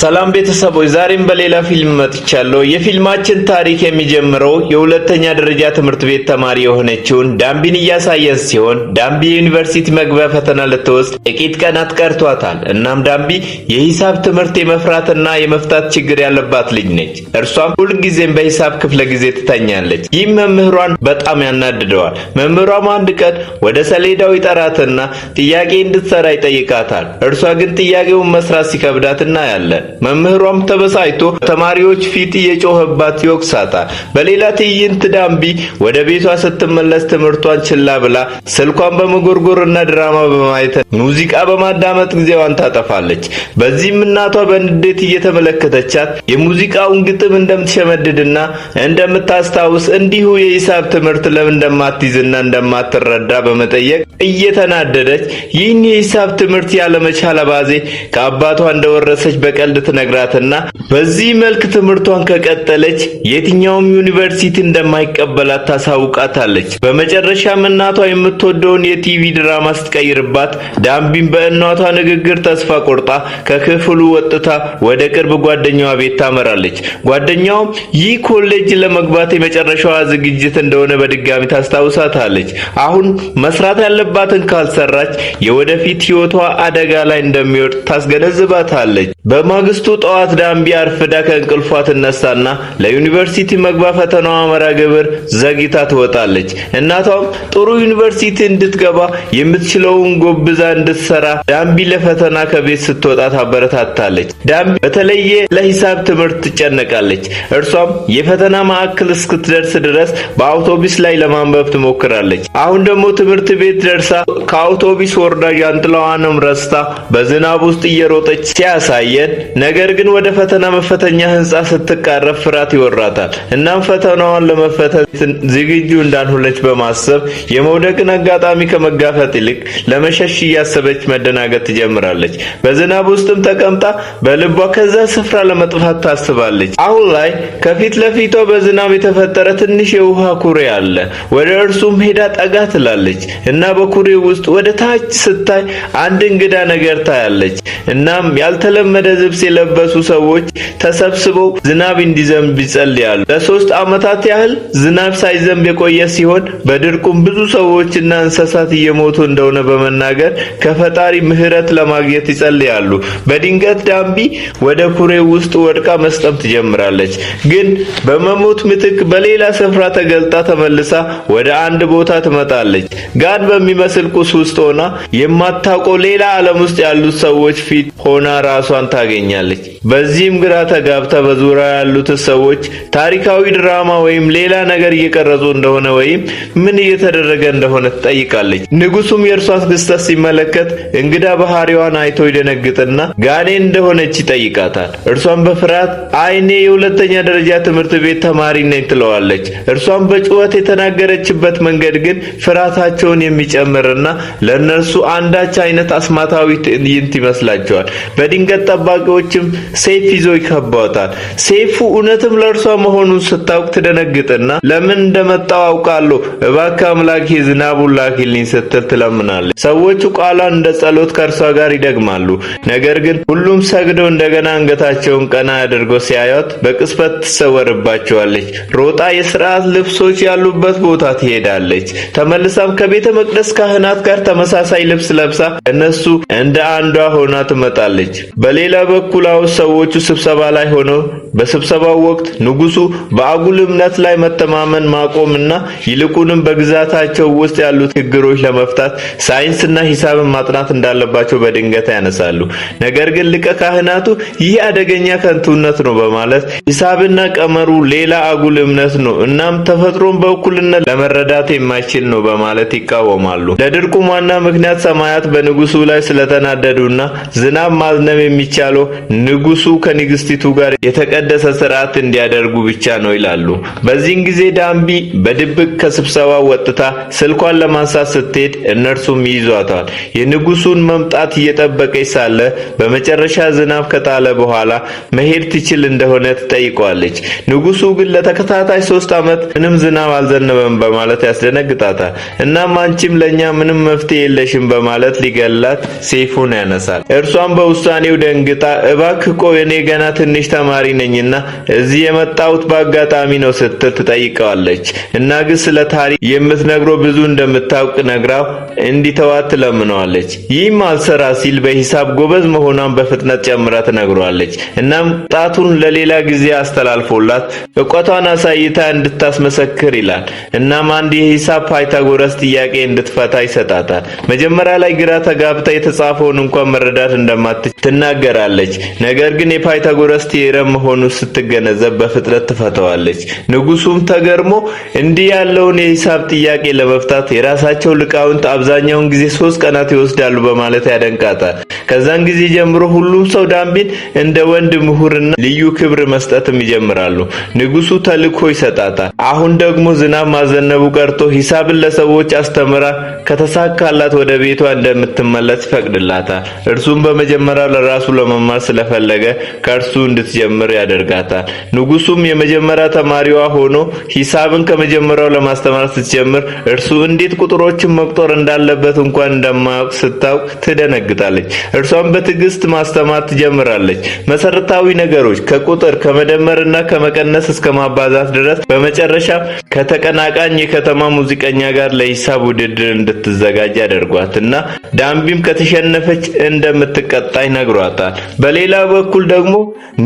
ሰላም ቤተሰቦች፣ ዛሬም በሌላ ፊልም መጥቻለሁ። የፊልማችን ታሪክ የሚጀምረው የሁለተኛ ደረጃ ትምህርት ቤት ተማሪ የሆነችውን ዳምቢን እያሳየን ሲሆን ዳምቢ የዩኒቨርሲቲ መግቢያ ፈተና ልትወስድ ጥቂት ቀናት ቀርቷታል። እናም ዳምቢ የሂሳብ ትምህርት የመፍራትና የመፍታት ችግር ያለባት ልጅ ነች። እርሷም ሁልጊዜም በሂሳብ ክፍለ ጊዜ ትተኛለች። ይህም መምህሯን በጣም ያናድደዋል። መምህሯም አንድ ቀን ወደ ሰሌዳው ይጠራትና ጥያቄ እንድትሰራ ይጠይቃታል። እርሷ ግን ጥያቄውን መስራት ሲከብዳት እናያለን። መምህሯም ተበሳጭቶ ተማሪዎች ፊት እየጮኸባት ይወቅሳታል። በሌላ ትዕይንት ዳምቢ ወደ ቤቷ ስትመለስ ትምህርቷን ችላ ብላ ስልኳን በመጎርጎርና ድራማ በማየት ሙዚቃ በማዳመጥ ጊዜዋን ታጠፋለች። በዚህም እናቷ በንዴት እየተመለከተቻት የሙዚቃውን ግጥም እንደምትሸመድድና እንደምታስታውስ እንዲሁ የሂሳብ ትምህርት ለምን እንደማትይዝና እንደማትረዳ በመጠየቅ እየተናደደች ይህን የሂሳብ ትምህርት ያለመቻል አባዜ ከአባቷ እንደወረሰች በቀልድ ትነግራትና በዚህ መልክ ትምህርቷን ከቀጠለች የትኛውም ዩኒቨርሲቲ እንደማይቀበላት ታሳውቃታለች። በመጨረሻም እናቷ የምትወደውን የቲቪ ድራማ ስትቀይርባት ዳምቢን በእናቷ ንግግር ተስፋ ቆርጣ ከክፍሉ ወጥታ ወደ ቅርብ ጓደኛዋ ቤት ታመራለች። ጓደኛውም ይህ ኮሌጅ ለመግባት የመጨረሻዋ ዝግጅት እንደሆነ በድጋሚ ታስታውሳታለች። አሁን መስራት ያለባትን ካልሰራች የወደፊት ሕይወቷ አደጋ ላይ እንደሚወድቅ ታስገነዝባታለች። በማግስቱ ጠዋት ዳምቢ አርፍዳ ከእንቅልፏ ትነሳና ለዩኒቨርሲቲ መግባ ፈተናዋ መራ ግብር ዘግይታ ትወጣለች። እናቷም ጥሩ ዩኒቨርሲቲ እንድትገባ የምትችለውን ጎብዛ እንድትሰራ ዳምቢ ለፈተና ከቤት ስትወጣ ታበረታታለች። ዳምቢ በተለየ ለሂሳብ ትምህርት ትጨነቃለች። እርሷም የፈተና ማዕከል እስክትደርስ ድረስ በአውቶቡስ ላይ ለማንበብ ትሞክራለች። አሁን ደግሞ ትምህርት ቤት ደርሳ ከአውቶቡስ ወርዳ ዣንጥላዋንም ረስታ በዝናብ ውስጥ እየሮጠች ሲያሳየ መንገድ ነገር ግን ወደ ፈተና መፈተኛ ህንፃ ስትቃረብ ፍርሃት ይወራታል። እናም ፈተናዋን ለመፈተት ዝግጁ እንዳልሆነች በማሰብ የመውደቅን አጋጣሚ ከመጋፈጥ ይልቅ ለመሸሽ እያሰበች መደናገጥ ትጀምራለች። በዝናብ ውስጥም ተቀምጣ በልቧ ከዛ ስፍራ ለመጥፋት ታስባለች። አሁን ላይ ከፊት ለፊቷ በዝናብ የተፈጠረ ትንሽ የውሃ ኩሬ አለ። ወደ እርሱም ሄዳ ጠጋ ትላለች እና በኩሬው ውስጥ ወደ ታች ስታይ አንድ እንግዳ ነገር ታያለች። እናም ያልተለመደ ልብስ የለበሱ ሰዎች ተሰብስበው ዝናብ እንዲዘንብ ይጸልያሉ። ለሶስት ዓመታት ያህል ዝናብ ሳይዘንብ የቆየ ሲሆን በድርቁም ብዙ ሰዎችና እንስሳት እየሞቱ እንደሆነ በመናገር ከፈጣሪ ምሕረት ለማግኘት ይጸልያሉ። በድንገት ዳንቢ ወደ ኩሬው ውስጥ ወድቃ መስጠም ትጀምራለች። ግን በመሞት ምትክ በሌላ ስፍራ ተገልጣ ተመልሳ ወደ አንድ ቦታ ትመጣለች። ጋን በሚመስል ቁስ ውስጥ ሆና የማታውቀው ሌላ ዓለም ውስጥ ያሉት ሰዎች ፊት ሆና ራሷን ታ ታገኛለች። በዚህም ግራ ተጋብታ በዙሪያ ያሉት ሰዎች ታሪካዊ ድራማ ወይም ሌላ ነገር እየቀረጹ እንደሆነ ወይም ምን እየተደረገ እንደሆነ ትጠይቃለች። ንጉሱም የእርሷ ክስተት ሲመለከት እንግዳ ባህሪዋን አይቶ ይደነግጥና ጋኔን እንደሆነች ይጠይቃታል። እርሷም በፍርሃት አይኔ የሁለተኛ ደረጃ ትምህርት ቤት ተማሪ ነኝ ትለዋለች። እርሷም በጩኸት የተናገረችበት መንገድ ግን ፍርሃታቸውን የሚጨምርና ለእነርሱ አንዳች አይነት አስማታዊ ትዕይንት ይመስላቸዋል። በድንገት ጠባ ጠባቂዎችም ሰይፍ ይዞ ይከባታል። ሰይፉ እውነትም ለእርሷ መሆኑን ስታውቅ ትደነግጥና ለምን እንደመጣው አውቃለሁ፣ እባክህ አምላኬ ዝናቡን ላኪልኝ ስትል ትለምናለች። ሰዎቹ ቃሏን እንደ ጸሎት ከእርሷ ጋር ይደግማሉ። ነገር ግን ሁሉም ሰግደው እንደገና አንገታቸውን ቀና አድርገው ሲያዩት በቅስፈት ትሰወርባቸዋለች። ሮጣ የስርዓት ልብሶች ያሉበት ቦታ ትሄዳለች። ተመልሳም ከቤተ መቅደስ ካህናት ጋር ተመሳሳይ ልብስ ለብሳ እነሱ እንደ አንዷ ሆና ትመጣለች። በሌላ በበኩላው ሰዎቹ ስብሰባ ላይ ሆኖ በስብሰባው ወቅት ንጉሱ በአጉል እምነት ላይ መተማመን ማቆምና ይልቁንም በግዛታቸው ውስጥ ያሉ ችግሮች ለመፍታት ሳይንስና ሂሳብን ማጥናት እንዳለባቸው በድንገት ያነሳሉ። ነገር ግን ሊቀ ካህናቱ ይህ አደገኛ ከንቱነት ነው በማለት ሂሳብና ቀመሩ ሌላ አጉል እምነት ነው፣ እናም ተፈጥሮን በእኩልነት ለመረዳት የማይችል ነው በማለት ይቃወማሉ። ለድርቁም ዋና ምክንያት ሰማያት በንጉሱ ላይ ስለተናደዱና ዝናብ ማዝነብ የሚቻል የሚቻሉ ንጉሱ ከንግስቲቱ ጋር የተቀደሰ ስርዓት እንዲያደርጉ ብቻ ነው ይላሉ። በዚህን ጊዜ ዳምቢ በድብቅ ከስብሰባ ወጥታ ስልኳን ለማንሳት ስትሄድ እነርሱም ይይዟታል። የንጉሱን መምጣት እየጠበቀች ሳለ በመጨረሻ ዝናብ ከጣለ በኋላ መሄድ ትችል እንደሆነ ትጠይቀዋለች። ንጉሱ ግን ለተከታታይ ሶስት ዓመት ምንም ዝናብ አልዘነበም በማለት ያስደነግጣታል። እናም አንቺም ለእኛ ምንም መፍትሄ የለሽም በማለት ሊገላት ሰይፉን ያነሳል። እርሷም በውሳኔው ደንግ ጌታ እባክህ ቆይ እኔ ገና ትንሽ ተማሪ ነኝና እዚህ የመጣሁት በአጋጣሚ ነው ስትል ትጠይቀዋለች። እና ግን ስለ ታሪክ የምትነግረው ብዙ እንደምታውቅ ነግራው እንዲተዋት ትለምነዋለች። ይህም አልሰራ ሲል በሂሳብ ጎበዝ መሆኗን በፍጥነት ጨምራ ትነግረዋለች። እናም ጣቱን ለሌላ ጊዜ አስተላልፎላት እውቀቷን አሳይታ እንድታስመሰክር ይላል። እናም አንድ የሂሳብ ፓይታጎረስ ጥያቄ እንድትፈታ ይሰጣታል። መጀመሪያ ላይ ግራ ተጋብታ የተጻፈውን እንኳን መረዳት እንደማትች ትናገራል። ትችላለች። ነገር ግን የፓይታጎረስ ቴረም መሆኑ ስትገነዘብ በፍጥነት ትፈተዋለች። ንጉሱም ተገርሞ እንዲህ ያለውን የሂሳብ ጥያቄ ለመፍታት የራሳቸው ልቃውንት አብዛኛውን ጊዜ ሶስት ቀናት ይወስዳሉ በማለት ያደንቃታል። ከዛን ጊዜ ጀምሮ ሁሉም ሰው ዳንቤን እንደ ወንድ ምሁርና ልዩ ክብር መስጠትም ይጀምራሉ። ንጉሱ ተልእኮ ይሰጣታል። አሁን ደግሞ ዝናብ ማዘነቡ ቀርቶ ሂሳብን ለሰዎች አስተምራ ከተሳካላት ወደ ቤቷ እንደምትመለስ ይፈቅድላታል። እርሱም በመጀመሪያ ለራሱ ለማ መማር ስለፈለገ ከእርሱ እንድትጀምር ያደርጋታል። ንጉሱም የመጀመሪያ ተማሪዋ ሆኖ ሂሳብን ከመጀመሪያው ለማስተማር ስትጀምር እርሱ እንዴት ቁጥሮችን መቁጠር እንዳለበት እንኳን እንደማያውቅ ስታውቅ ትደነግጣለች። እርሷም በትዕግስት ማስተማር ትጀምራለች። መሰረታዊ ነገሮች ከቁጥር ከመደመርና ከመቀነስ እስከ ማባዛት ድረስ። በመጨረሻ ከተቀናቃኝ የከተማ ሙዚቀኛ ጋር ለሂሳብ ውድድር እንድትዘጋጅ ያደርጓት እና ዳንቢም ከተሸነፈች እንደምትቀጣ ይነግሯታል። በሌላ በኩል ደግሞ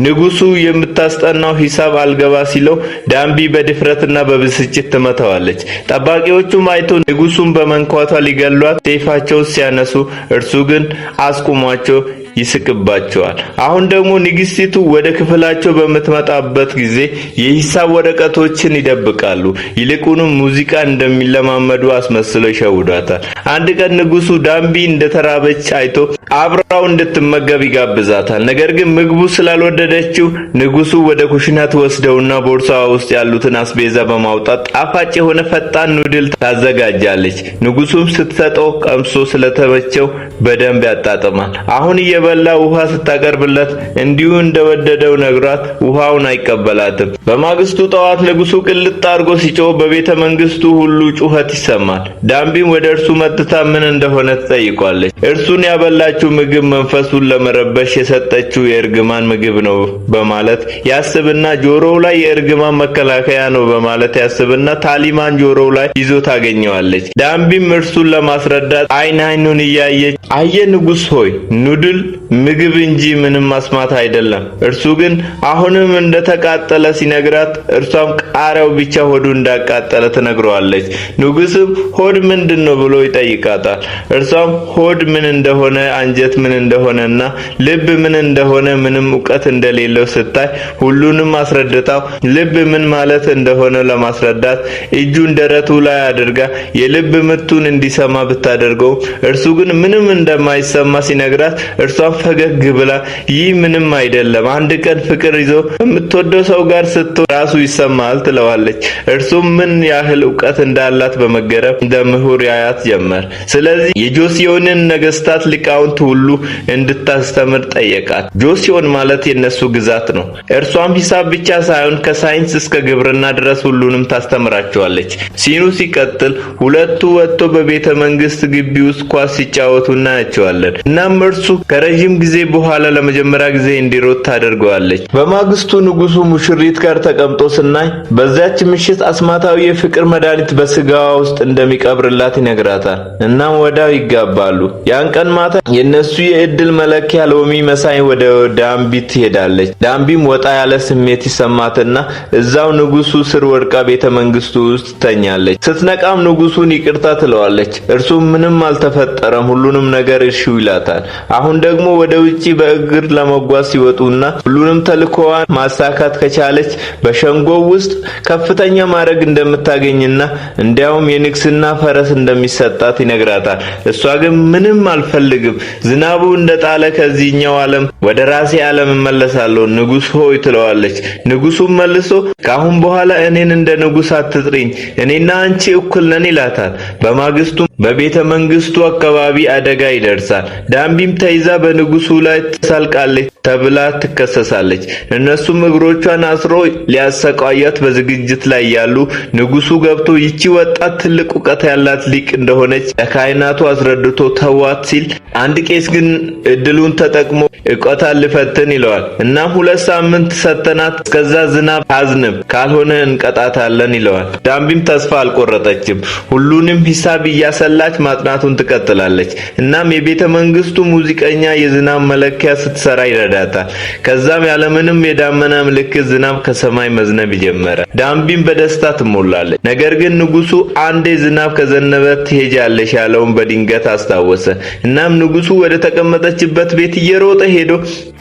ንጉሱ የምታስጠናው ሂሳብ አልገባ ሲለው ዳንቢ በድፍረትና በብስጭት ትመታዋለች። ጠባቂዎቹም አይቶ ንጉሱን በመንኳቷ ሊገሏት ሴፋቸው ሲያነሱ እርሱ ግን አስቁሟቸው ይስቅባቸዋል። አሁን ደግሞ ንግስቲቱ ወደ ክፍላቸው በምትመጣበት ጊዜ የሂሳብ ወረቀቶችን ይደብቃሉ። ይልቁንም ሙዚቃ እንደሚለማመዱ አስመስለው ይሸውዷታል። አንድ ቀን ንጉሱ ዳምቢ እንደተራበች አይቶ አብራው እንድትመገብ ይጋብዛታል። ነገር ግን ምግቡ ስላልወደደችው ንጉሱ ወደ ኩሽና ትወስደውና ቦርሳዋ ውስጥ ያሉትን አስቤዛ በማውጣት ጣፋጭ የሆነ ፈጣን ኑድል ታዘጋጃለች። ንጉሱም ስትሰጠው ቀምሶ ስለተመቸው በደንብ ያጣጥማል። አሁን እየበ የተበላ ውሃ ስታቀርብለት እንዲሁ እንደወደደው ነግሯት ውሃውን አይቀበላትም። በማግስቱ ጠዋት ንጉሱ ቅልጥ አድርጎ ሲጮህ በቤተ መንግስቱ ሁሉ ጩኸት ይሰማል። ዳምቢም ወደ እርሱ መጥታ ምን እንደሆነ ትጠይቋለች። እርሱን ያበላችው ምግብ መንፈሱን ለመረበሽ የሰጠችው የእርግማን ምግብ ነው በማለት ያስብና ጆሮው ላይ የእርግማን መከላከያ ነው በማለት ያስብና ታሊማን ጆሮው ላይ ይዞ ታገኘዋለች። ዳምቢም እርሱን ለማስረዳት አይን አይኑን እያየች አየ ንጉስ ሆይ ኑድል ምግብ እንጂ ምንም ማስማት አይደለም። እርሱ ግን አሁንም እንደተቃጠለ ሲነግራት፣ እርሷም ቃሪያው ብቻ ሆዱ እንዳቃጠለ ትነግረዋለች። ንጉስም ሆድ ምንድን ነው ብሎ ይጠይቃታል። እርሷም ሆድ ምን እንደሆነ አንጀት ምን እንደሆነና ልብ ምን እንደሆነ ምንም እውቀት እንደሌለው ስታይ ሁሉንም አስረድታው ልብ ምን ማለት እንደሆነ ለማስረዳት እጁን ደረቱ ላይ አድርጋ የልብ ምቱን እንዲሰማ ብታደርገው እርሱ ግን ምንም እንደማይሰማ ሲነግራት እርሷም ፈገግ ብላ ይህ ምንም አይደለም፣ አንድ ቀን ፍቅር ይዞ የምትወደው ሰው ጋር ስትሆን ራሱ ይሰማል ትለዋለች። እርሱም ምን ያህል እውቀት እንዳላት በመገረም እንደ ምሁር ያያት ጀመር። ስለዚህ የጆሲዮንን ነገስታት ሊቃውንት ሁሉ እንድታስተምር ጠየቃት። ጆሲዮን ማለት የነሱ ግዛት ነው። እርሷም ሂሳብ ብቻ ሳይሆን ከሳይንስ እስከ ግብርና ድረስ ሁሉንም ታስተምራቸዋለች። ሲኑ ሲቀጥል ሁለቱ ወጥቶ በቤተ መንግስት ግቢ ውስጥ ኳስ ሲጫወቱ እናያቸዋለን። እናም እርሱ ከረዥም ከረጅም ጊዜ በኋላ ለመጀመሪያ ጊዜ እንዲሮት ታደርገዋለች። በማግስቱ ንጉሱ ሙሽሪት ጋር ተቀምጦ ስናይ በዚያች ምሽት አስማታዊ የፍቅር መድኃኒት በስጋዋ ውስጥ እንደሚቀብርላት ይነግራታል። እናም ወዳው ይጋባሉ። ያን ቀን ማታ የእነሱ የእድል መለኪያ ሎሚ መሳይ ወደ ዳምቢ ትሄዳለች። ዳምቢም ወጣ ያለ ስሜት ይሰማትና እዛው ንጉሱ ስር ወድቃ ቤተ መንግስቱ ውስጥ ተኛለች። ስትነቃም ንጉሱን ይቅርታ ትለዋለች። እርሱም ምንም አልተፈጠረም፣ ሁሉንም ነገር እሺው ይላታል። አሁን ደግሞ ወደ ውጪ በእግር ለመጓዝ ሲወጡና ሁሉንም ተልእኮዋን ማሳካት ከቻለች በሸንጎ ውስጥ ከፍተኛ ማዕረግ እንደምታገኝና እንዲያውም የንግስና ፈረስ እንደሚሰጣት ይነግራታል። እሷ ግን ምንም አልፈልግም፣ ዝናቡ እንደጣለ ከዚህኛው ዓለም ወደ ራሴ ዓለም እመለሳለሁ ንጉስ ሆይ ትለዋለች። ንጉሱም መልሶ ከአሁን በኋላ እኔን እንደ ንጉስ አትጥሪኝ፣ እኔና አንቺ እኩል ነን ይላታል። በማግስቱ በቤተ መንግስቱ አካባቢ አደጋ ይደርሳል። ዳምቢም ተይዛ በንጉ በንጉሡ ላይ ተሳልቃለች። ተብላ ትከሰሳለች። እነሱም እግሮቿን አስሮ ሊያሰቃያት በዝግጅት ላይ ያሉ፣ ንጉሱ ገብቶ ይቺ ወጣት ትልቅ እውቀት ያላት ሊቅ እንደሆነች ለካህናቱ አስረድቶ ተዋት ሲል፣ አንድ ቄስ ግን እድሉን ተጠቅሞ እውቀቷን ልፈትን ይለዋል። እናም ሁለት ሳምንት ሰተናት፣ እስከዛ ዝናብ አዝንብ፣ ካልሆነ እንቀጣታለን ይለዋል። ዳምቢም ተስፋ አልቆረጠችም። ሁሉንም ሂሳብ እያሰላች ማጥናቱን ትቀጥላለች። እናም የቤተ መንግስቱ ሙዚቀኛ የዝናብ መለኪያ ስትሰራ ይላል ይረዳታል። ከዛም ያለምንም የዳመና ምልክት ዝናብ ከሰማይ መዝነብ ጀመረ። ዳንቢም በደስታ ትሞላለች። ነገር ግን ንጉሱ አንዴ ዝናብ ከዘነበ ትሄጃለሽ ያለውን በድንገት አስታወሰ። እናም ንጉሱ ወደ ተቀመጠችበት ቤት እየሮጠ ሄዶ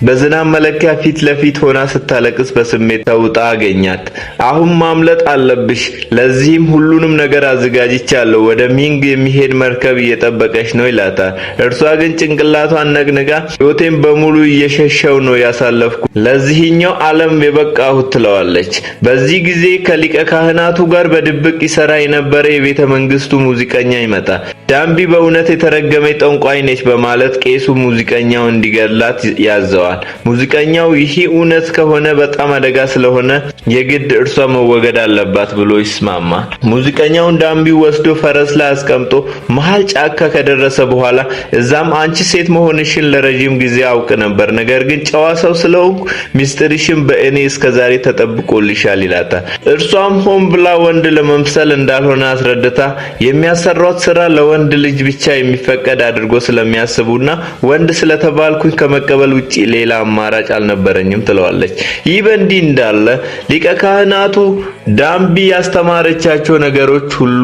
በዝናብ መለኪያ ፊት ለፊት ሆና ስታለቅስ በስሜት ተውጣ አገኛት። አሁን ማምለጥ አለብሽ፣ ለዚህም ሁሉንም ነገር አዘጋጅቻለሁ። ወደ ሚንግ የሚሄድ መርከብ እየጠበቀች ነው ይላታል። እርሷ ግን ጭንቅላቷን ነቅንቃ ሕይወቴን በሙሉ እየሸሽ በውሻው ነው ያሳለፍኩ ለዚህኛው ዓለም የበቃሁት ትለዋለች። በዚህ ጊዜ ከሊቀ ካህናቱ ጋር በድብቅ ይሰራ የነበረ የቤተ መንግስቱ ሙዚቀኛ ይመጣል። ዳምቢ በእውነት የተረገመ ጠንቋይ ነች በማለት ቄሱ ሙዚቀኛው እንዲገላት ያዘዋል። ሙዚቀኛው ይህ እውነት ከሆነ በጣም አደጋ ስለሆነ የግድ እርሷ መወገድ አለባት ብሎ ይስማማ። ሙዚቀኛውን ዳምቢ ወስዶ ፈረስ ላይ አስቀምጦ መሀል ጫካ ከደረሰ በኋላ እዛም አንቺ ሴት መሆንሽን ለረጅም ጊዜ አውቅ ነበር ነገር ግን ጨዋ ሰው ስለሆንኩ ሚስጥርሽን በእኔ እስከዛሬ ተጠብቆልሻል ይላታል። እርሷም ሆን ብላ ወንድ ለመምሰል እንዳልሆነ አስረድታ የሚያሰሯት ስራ ለወንድ ልጅ ብቻ የሚፈቀድ አድርጎ ስለሚያስቡና ወንድ ስለተባልኩኝ ከመቀበል ውጪ ሌላ አማራጭ አልነበረኝም ትለዋለች። ይህ በእንዲህ እንዳለ ሊቀ ካህናቱ ዳምቢ ያስተማረቻቸው ነገሮች ሁሉ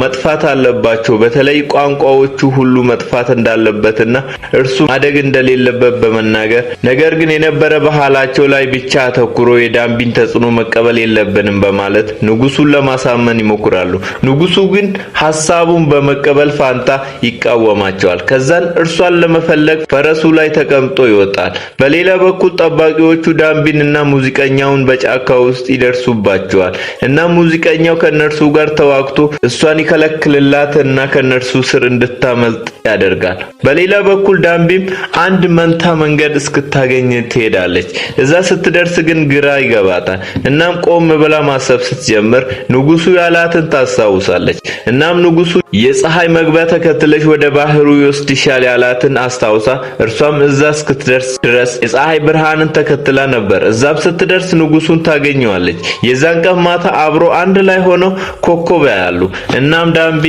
መጥፋት አለባቸው። በተለይ ቋንቋዎቹ ሁሉ መጥፋት እንዳለበትና እርሱ ማደግ እንደሌለበት በመናገር ነገር ግን የነበረ ባህላቸው ላይ ብቻ አተኩሮ የዳንቢን ተጽዕኖ መቀበል የለብንም በማለት ንጉሱን ለማሳመን ይሞክራሉ። ንጉሱ ግን ሀሳቡን በመቀበል ፋንታ ይቃወማቸዋል። ከዛን እርሷን ለመፈለግ ፈረሱ ላይ ተቀምጦ ይወጣል። በሌላ በኩል ጠባቂዎቹ ዳንቢን እና ሙዚቀኛውን በጫካ ውስጥ ይደርሱባቸዋል እና ሙዚቀኛው ከነርሱ ጋር ተዋግቶ እሷን ይከለክልላት እና ከነርሱ ስር እንድታመልጥ ያደርጋል። በሌላ በኩል ዳንቢም አንድ መንታ መንገድ እስክ ልታገኝ ትሄዳለች። እዛ ስትደርስ ግን ግራ ይገባታል። እናም ቆም ብላ ማሰብ ስትጀምር ንጉሱ ያላትን ታስታውሳለች። እናም ንጉሱ የፀሐይ መግቢያ ተከትለሽ ወደ ባህሩ ይወስድሻል ያላትን አስታውሳ እርሷም እዛ እስክትደርስ ድረስ የፀሐይ ብርሃንን ተከትላ ነበር። እዛም ስትደርስ ንጉሱን ታገኘዋለች። የዛን ቀን ማታ አብሮ አንድ ላይ ሆነው ኮከብ ያያሉ። እናም ዳምቢ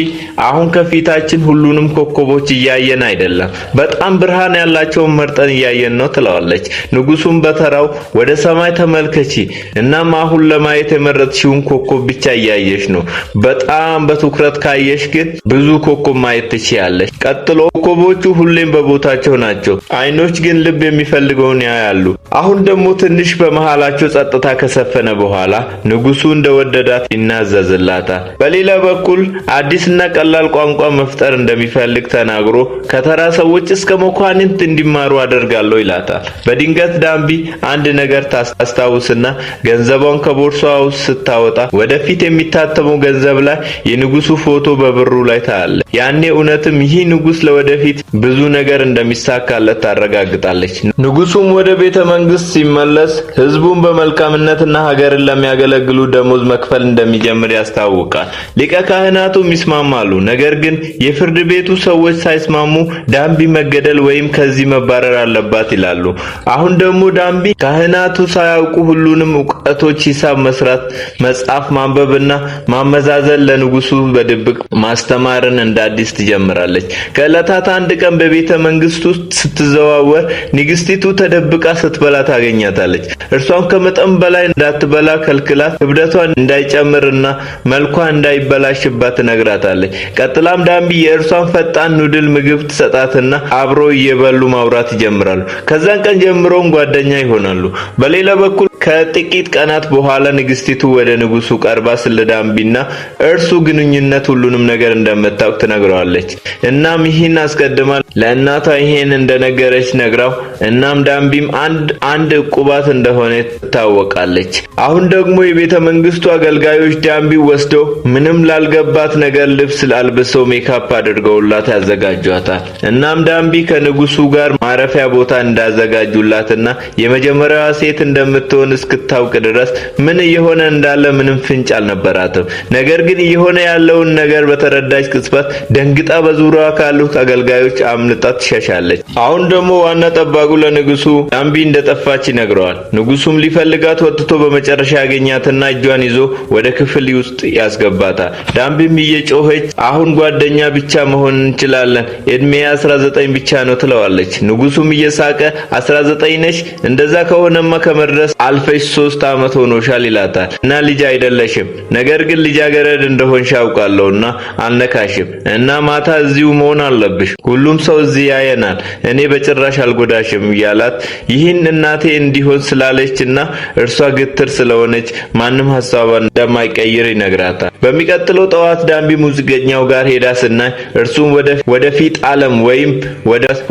አሁን ከፊታችን ሁሉንም ኮከቦች እያየን አይደለም፣ በጣም ብርሃን ያላቸውን መርጠን እያየን ነው ትለዋለች። ንጉሱም በተራው ወደ ሰማይ ተመልከቺ፣ እናም አሁን ለማየት የመረጥሽውን ኮከብ ብቻ እያየሽ ነው። በጣም በትኩረት ካየሽ ግን ብዙ ኮከብ ማየት ትችያለሽ። ቀጥሎ ኮከቦቹ ሁሌም በቦታቸው ናቸው፣ አይኖች ግን ልብ የሚፈልገውን ያያሉ። አሁን ደግሞ ትንሽ በመሃላቸው ጸጥታ ከሰፈነ በኋላ ንጉሱ እንደወደዳት ይናዘዝላታል። በሌላ በኩል አዲስና ቀላል ቋንቋ መፍጠር እንደሚፈልግ ተናግሮ ከተራ ሰዎች እስከ መኳንንት እንዲማሩ አደርጋለሁ ይላታል። ይላል። በድንገት ዳንቢ አንድ ነገር ታስታውስና ገንዘቧን ከቦርሳዋ ውስጥ ስታወጣ ወደፊት የሚታተመው ገንዘብ ላይ የንጉሱ ፎቶ በብሩ ላይ ታያለ። ያኔ እውነትም ይህ ንጉስ ለወደፊት ብዙ ነገር እንደሚሳካለት ታረጋግጣለች። ንጉሱም ወደ ቤተ መንግስት ሲመለስ ህዝቡን በመልካምነትና ሀገርን ለሚያገለግሉ ደሞዝ መክፈል እንደሚጀምር ያስታውቃል። ሊቀ ካህናቱም ይስማማሉ። ነገር ግን የፍርድ ቤቱ ሰዎች ሳይስማሙ ዳንቢ መገደል ወይም ከዚህ መባረር አለባት ይላሉ። አሁን ደግሞ ዳምቢ ካህናቱ ሳያውቁ ሁሉንም እውቀቶች ሂሳብ መስራት፣ መጻፍ፣ ማንበብና ማመዛዘን ለንጉሱ በድብቅ ማስተማርን እንደ አዲስ ትጀምራለች። ከዕለታት አንድ ቀን በቤተ መንግስት ውስጥ ስትዘዋወር ንግስቲቱ ተደብቃ ስትበላ ታገኛታለች። እርሷም ከመጠን በላይ እንዳትበላ ከልክላት ክብደቷን እንዳይጨምርና መልኳ እንዳይበላሽባት ነግራታለች። ቀጥላም ዳምቢ የእርሷን ፈጣን ኑድል ምግብ ትሰጣትና አብሮ እየበሉ ማውራት ይጀምራሉ። ከዛ ከዛን ቀን ጀምሮም ጓደኛ ይሆናሉ። በሌላ በኩል ከጥቂት ቀናት በኋላ ንግስቲቱ ወደ ንጉሱ ቀርባ ስለ ዳንቢና እርሱ ግንኙነት ሁሉንም ነገር እንደምታውቅ ትነግረዋለች። እናም ይህን አስቀድማ ለእናቷ ይሄን እንደነገረች ነግራው፣ እናም ዳንቢም አንድ አንድ እቁባት እንደሆነ ትታወቃለች። አሁን ደግሞ የቤተ መንግስቱ አገልጋዮች ዳንቢ ወስዶ ምንም ላልገባት ነገር ልብስ አልብሰው ሜካፕ አድርገውላት ያዘጋጇታል። እናም ዳንቢ ከንጉሱ ጋር ማረፊያ ቦታ እንዳዘ አዘጋጁላትና የመጀመሪያዋ ሴት እንደምትሆን እስክታውቅ ድረስ ምን እየሆነ እንዳለ ምንም ፍንጭ አልነበራትም። ነገር ግን እየሆነ ያለውን ነገር በተረዳች ቅጽበት ደንግጣ በዙሪያዋ ካሉት አገልጋዮች አምልጣ ትሸሻለች። አሁን ደግሞ ዋና ጠባቁ ለንጉሱ ላምቢ እንደጠፋች ይነግረዋል። ንጉሱም ሊፈልጋት ወጥቶ በመጨረሻ ያገኛትና እጇን ይዞ ወደ ክፍል ውስጥ ያስገባታል። ዳምቢም እየጮኸች አሁን ጓደኛ ብቻ መሆን እንችላለን፣ እድሜ 19 ብቻ ነው ትለዋለች። ንጉሱም እየሳቀ 19 ነሽ? እንደዛ ከሆነማ ከመድረስ አልፈሽ ሶስት አመት ሆኖሻል ይላታል። እና ልጅ አይደለሽም፣ ነገር ግን ልጃገረድ እንደሆንሽ አውቃለሁና አልነካሽም። እና ማታ እዚሁ መሆን አለብሽ፣ ሁሉም ሰው እዚህ ያየናል። እኔ በጭራሽ አልጎዳሽም እያላት ይህን እናቴ እንዲሆን ስላለች እና እርሷ ግትር ስለሆነች ማንም ሀሳቧን እንደማይቀይር ይነግራታል። በሚቀጥለው ጠዋት ዳንቢ ሙዚቀኛው ጋር ሄዳ ስናይ እርሱም ወደፊት ዓለም ወይም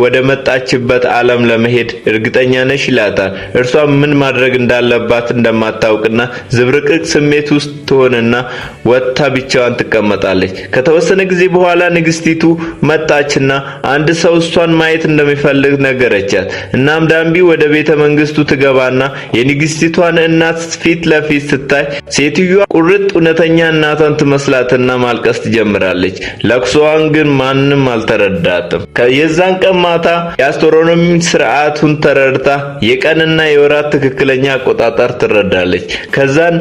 ወደ መጣችበት ዓለም ለመሄድ እንደምትሄድ እርግጠኛ ነሽ ይላታል። እርሷ ምን ማድረግ እንዳለባት እንደማታውቅና ዝብርቅቅ ስሜት ውስጥ ትሆንና ወጥታ ብቻዋን ትቀመጣለች። ከተወሰነ ጊዜ በኋላ ንግስቲቱ መጣችና አንድ ሰው እሷን ማየት እንደሚፈልግ ነገረቻት። እናም ዳንቢ ወደ ቤተ መንግስቱ ትገባና የንግስቲቷን እናት ፊት ለፊት ስታይ ሴትዮዋ ቁርጥ እውነተኛ እናቷን ትመስላትና ማልቀስ ትጀምራለች። ለቅሶዋን ግን ማንም አልተረዳትም። የዛን ቀን ማታ የአስትሮኖሚ ስርዓት ወራቱን ተረድታ የቀንና የወራት ትክክለኛ አቆጣጠር ትረዳለች። ከዛን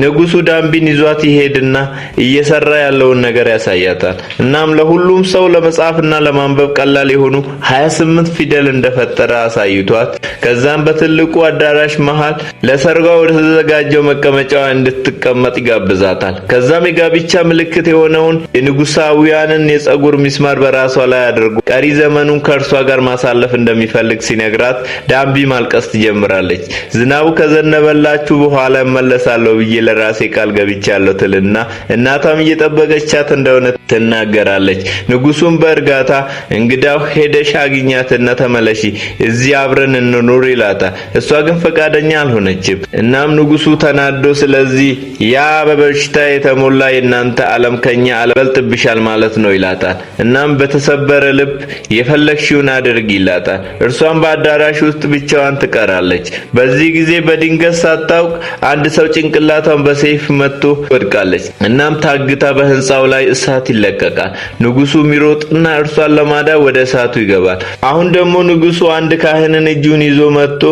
ንጉሱ ዳምቢን ይዟት ይሄድና እየሰራ ያለውን ነገር ያሳያታል። እናም ለሁሉም ሰው ለመጻፍና ለማንበብ ቀላል የሆኑ 28 ፊደል እንደፈጠረ አሳይቷት ከዛም በትልቁ አዳራሽ መሃል ለሰርጓ ወደ ተዘጋጀው መቀመጫዋ እንድትቀመጥ ይጋብዛታል። ከዛም የጋብቻ ምልክት የሆነውን የንጉሳውያንን የጸጉር ሚስማር በራሷ ላይ አድርጎ ቀሪ ዘመኑን ከእርሷ ጋር ማሳለፍ እንደሚፈልግ ሲነግራ በመፍራት ዳምቢ ማልቀስ ትጀምራለች። ዝናቡ ከዘነበላችሁ በኋላ እመለሳለሁ ብዬ ለራሴ ቃል ገብቻለሁ ትልና እናቷም እየጠበቀቻት እንደሆነ ትናገራለች። ንጉሱም በእርጋታ እንግዳው ሄደሽ አግኛትና ተመለሺ፣ እዚህ አብረን እንኑር ይላታል። እሷ ግን ፈቃደኛ አልሆነችም። እናም ንጉሱ ተናዶ ስለዚህ ያ በበሽታ የተሞላ የእናንተ ዓለም ከኛ አልበልጥብሻል ማለት ነው ይላታል። እናም በተሰበረ ልብ የፈለግሽውን አድርግ ይላታል። እርሷም በአዳ አዳራሽ ውስጥ ብቻዋን ትቀራለች። በዚህ ጊዜ በድንገት ሳታውቅ አንድ ሰው ጭንቅላቷን በሰይፍ መጥቶ ወድቃለች። እናም ታግታ በህንፃው ላይ እሳት ይለቀቃል። ንጉሱ ሚሮጥና እርሷን ለማዳ ወደ እሳቱ ይገባል። አሁን ደግሞ ንጉሱ አንድ ካህንን እጁን ይዞ መጥቶ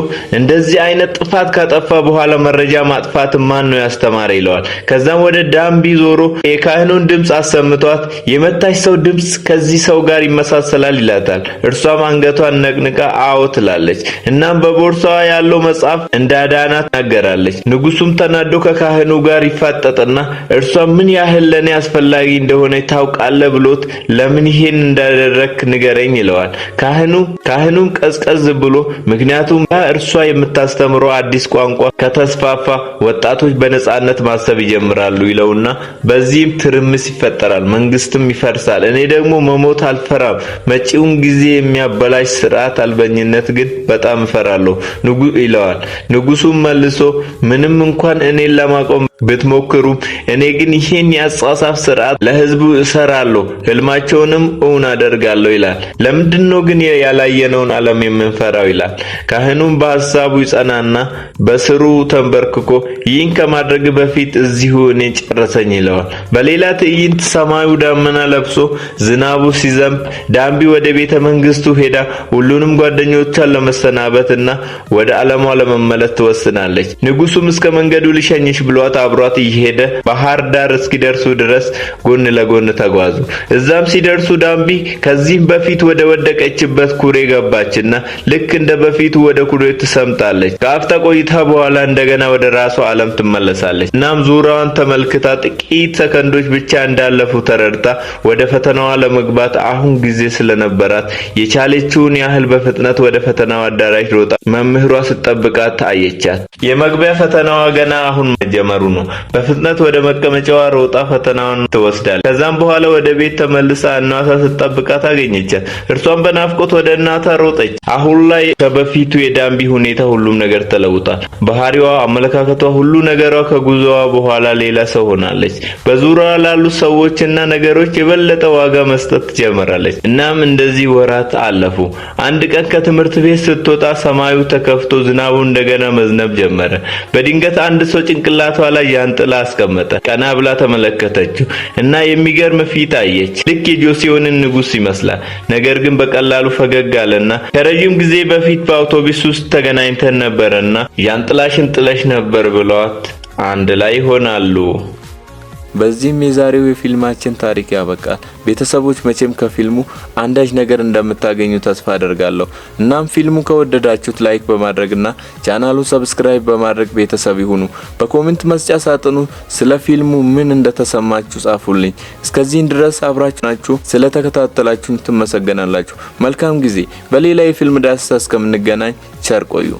እንደዚህ አይነት ጥፋት ካጠፋ በኋላ መረጃ ማጥፋት ማን ነው ያስተማረ ይለዋል። ከዛም ወደ ዳምቢ ዞሮ የካህኑን ድምፅ አሰምቷት የመታች ሰው ድምፅ ከዚህ ሰው ጋር ይመሳሰላል ይላታል። እርሷም አንገቷን ነቅንቃ አዎ ትላል። ትላለች። እናም በቦርሳዋ ያለው መጽሐፍ እንዳዳና ትናገራለች። ንጉሱም ተናዶ ከካህኑ ጋር ይፋጠጥና እርሷ ምን ያህል ለእኔ አስፈላጊ እንደሆነ ታውቃለ ብሎት ለምን ይሄን እንዳደረክ ንገረኝ ይለዋል። ካህኑ ካህኑም ቀዝቀዝ ብሎ ምክንያቱም ያ እርሷ የምታስተምረው አዲስ ቋንቋ ከተስፋፋ ወጣቶች በነጻነት ማሰብ ይጀምራሉ ይለውና በዚህም ትርምስ ይፈጠራል። መንግስትም ይፈርሳል። እኔ ደግሞ መሞት አልፈራም። መጪውን ጊዜ የሚያበላሽ ስርዓት አልበኝነት ግን ግን በጣም እፈራለሁ ንጉ ይለዋል። ንጉሱም መልሶ ምንም እንኳን እኔን ለማቆም ብትሞክሩ። እኔ ግን ይሄን የአጻጻፍ ስርዓት ለህዝቡ እሰራለሁ፣ ህልማቸውንም እውን አደርጋለሁ ይላል። ለምንድን ነው ግን ያላየነውን ዓለም የምንፈራው? ይላል። ካህኑም በሀሳቡ ይጸናና በስሩ ተንበርክኮ ይህን ከማድረግ በፊት እዚሁ እኔ ጨረሰኝ ይለዋል። በሌላ ትዕይንት ሰማዩ ዳመና ለብሶ ዝናቡ ሲዘንብ ዳንቢ ወደ ቤተ መንግስቱ ሄዳ ሁሉንም ጓደኞቿን ለመሰናበትና ወደ ዓለሟ ለመመለስ ትወስናለች። ንጉሱም እስከ መንገዱ ልሸኝሽ ብሏት አብሯት እየሄደ ባህር ዳር እስኪደርሱ ድረስ ጎን ለጎን ተጓዙ። እዛም ሲደርሱ ዳምቢ ከዚህም በፊት ወደ ወደቀችበት ኩሬ ገባችና ልክ እንደ በፊቱ ወደ ኩሬ ትሰምጣለች። ከአፍታ ቆይታ በኋላ እንደገና ወደ ራሷ ዓለም ትመለሳለች። እናም ዙሪያዋን ተመልክታ ጥቂት ሰከንዶች ብቻ እንዳለፉ ተረድታ ወደ ፈተናዋ ለመግባት አሁን ጊዜ ስለነበራት የቻለችውን ያህል በፍጥነት ወደ ፈተናዋ አዳራሽ ሮጣ መምህሯ ስትጠብቃት አየቻት። የመግቢያ ፈተናዋ ገና አሁን መጀመሩ ነው። በፍጥነት ወደ መቀመጫዋ ሮጣ ፈተናውን ትወስዳለች። ከዛም በኋላ ወደ ቤት ተመልሳ እናቷ ስትጠብቃት አገኘቻት። እርሷም በናፍቆት ወደ እናቷ ሮጠች። አሁን ላይ ከበፊቱ የዳምቢ ሁኔታ ሁሉም ነገር ተለውጧል። ባህሪዋ፣ አመለካከቷ፣ ሁሉ ነገሯ ከጉዞዋ በኋላ ሌላ ሰው ሆናለች። በዙሪያዋ ላሉ ሰዎችና ነገሮች የበለጠ ዋጋ መስጠት ትጀምራለች። እናም እንደዚህ ወራት አለፉ። አንድ ቀን ከትምህርት ቤት ስትወጣ ሰማዩ ተከፍቶ ዝናቡ እንደገና መዝነብ ጀመረ። በድንገት አንድ ሰው ጭንቅላቷ ላይ ላይ ያን ጥላ አስቀመጠ። ቀና ብላ ተመለከተችው እና የሚገርም ፊት አየች። ልክ የጆሲዮንን ንጉስ ይመስላል። ነገር ግን በቀላሉ ፈገግ አለና ከረዥም ጊዜ በፊት በአውቶቡስ ውስጥ ተገናኝተን ነበርና ያን ጥላሽን ጥለሽ ነበር ብለዋት አንድ ላይ ይሆናሉ። በዚህም የዛሬው የፊልማችን ታሪክ ያበቃል። ቤተሰቦች መቼም ከፊልሙ አንዳች ነገር እንደምታገኙ ተስፋ አደርጋለሁ። እናም ፊልሙ ከወደዳችሁት ላይክ በማድረግና ቻናሉ ሰብስክራይብ በማድረግ ቤተሰብ ይሁኑ። በኮሜንት መስጫ ሳጥኑ ስለ ፊልሙ ምን እንደተሰማችሁ ጻፉልኝ። እስከዚህን ድረስ አብራችሁ ናችሁ ስለተከታተላችሁን ትመሰገናላችሁ። መልካም ጊዜ። በሌላ የፊልም ዳሰሳ እስከምንገናኝ ቸር ቆዩ።